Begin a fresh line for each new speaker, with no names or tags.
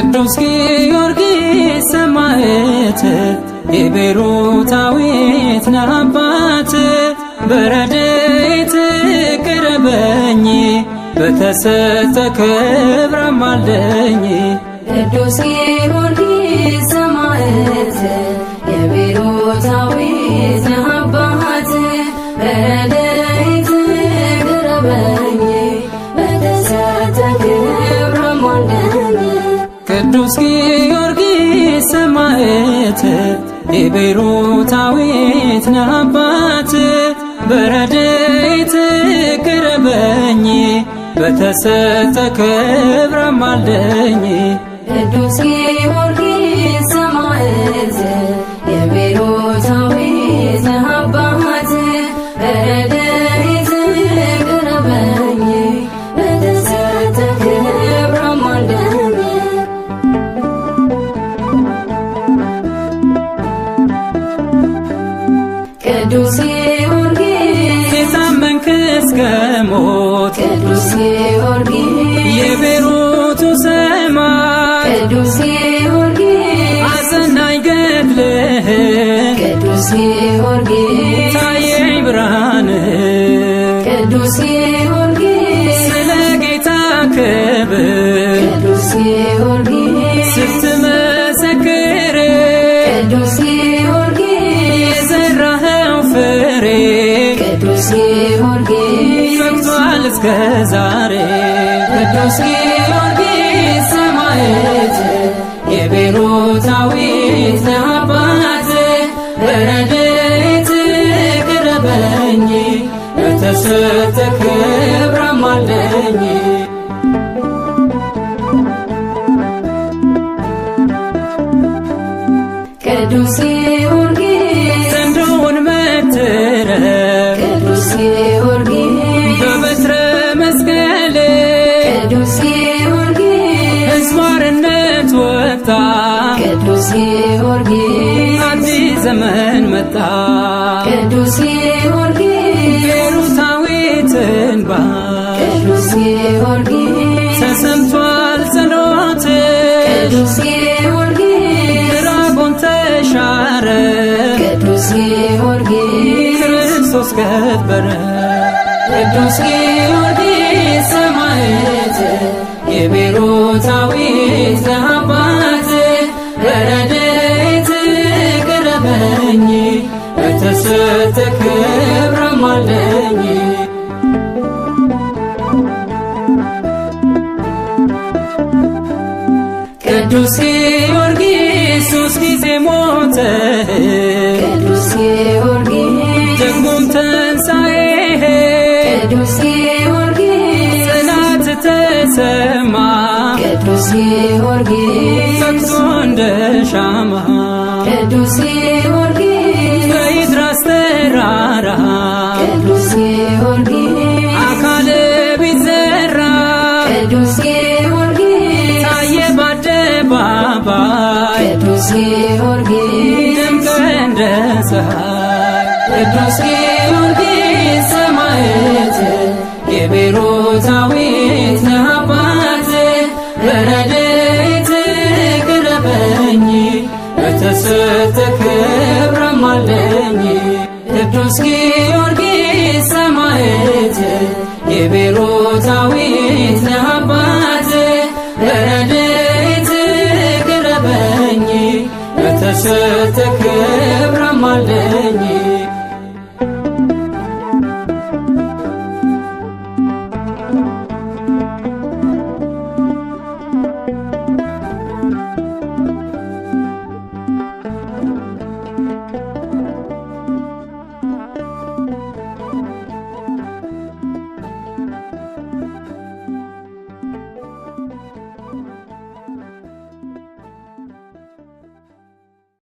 ቅዱስ ጊዮርጊስ ሰማዕት የቤሩታዊት ነህ አባት በረድኤት ቅረበኝ በተሰጠ ክብር አማልደኝ
ቅዱስ ጊዮርጊስ ሰማዕት የቤሩታዊ
ቅዱስ ጊዮርጊስ ሰማዕት የቤሩታዊት ነህ አባት በረድኤት ቅረበኝ በተሰጠ ክብር አማልደኝ
ቅዱስ ጊዮርጊስ ቅዱስ ጊዮርጊስ
ሲሳመንክ እስከ ሞት
ቅዱስ ጊዮርጊስ
እስከ ዛሬ
ቅዱስ ጊዮርጊስ ሰማዕት የቤሮታዊት አባት በረድኤት ቅረበኝ በተሰጠ ክብር ቅዱስ ቅዱስ ጊዮርጊስ
እስዋርነት ወቅታ
ቅዱስ ጊዮርጊስ
አዲስ ዘመን መጣ
ቅዱስ ጊዮርጊስ
የሩታዊት
ቅዱስ ጊዮርጊስ
ተሰምቷል ጸሎት
ቅዱስ ጊዮርጊስ
ራቦን ተሻረ
ቅዱስ ጊዮርጊስ
ክርስቶስ ከበረ
ቅዱስ ጊዮርጊስ ሞታዊት ለአባት ረድኤት ቅረበኝ በተሰጠ ክብር ማለኝ
ቅዱስ ጊዮርጊስ ጊዜ ሞተ ደግሞም ቅዱስ
ጊዮርጊስ
ጽናት ተሰማ
ቅዱስ ጊዮርጊስ
ሰግቶ እንደ ሻማ
ቅዱስ ጊዮርጊስ
ከይድራስ ተራራ
ቅዱስ ጊዮርጊስ
አካለ ቢዘራ
ቅዱስ ጊዮርጊስ
ታየ በአደባባይ
ቅዱስ ጊዮርጊስ
ደምቀ እንደ ፀሐይ
ቅዱስ ጊዮርጊስ ሰማዕት የቤሮታዊ ቅዱስ ጊዮርጊስ ሰማዕት የቤሮታዊት አባት በረድኤት ቅረበኝ በተሰጠ ክብር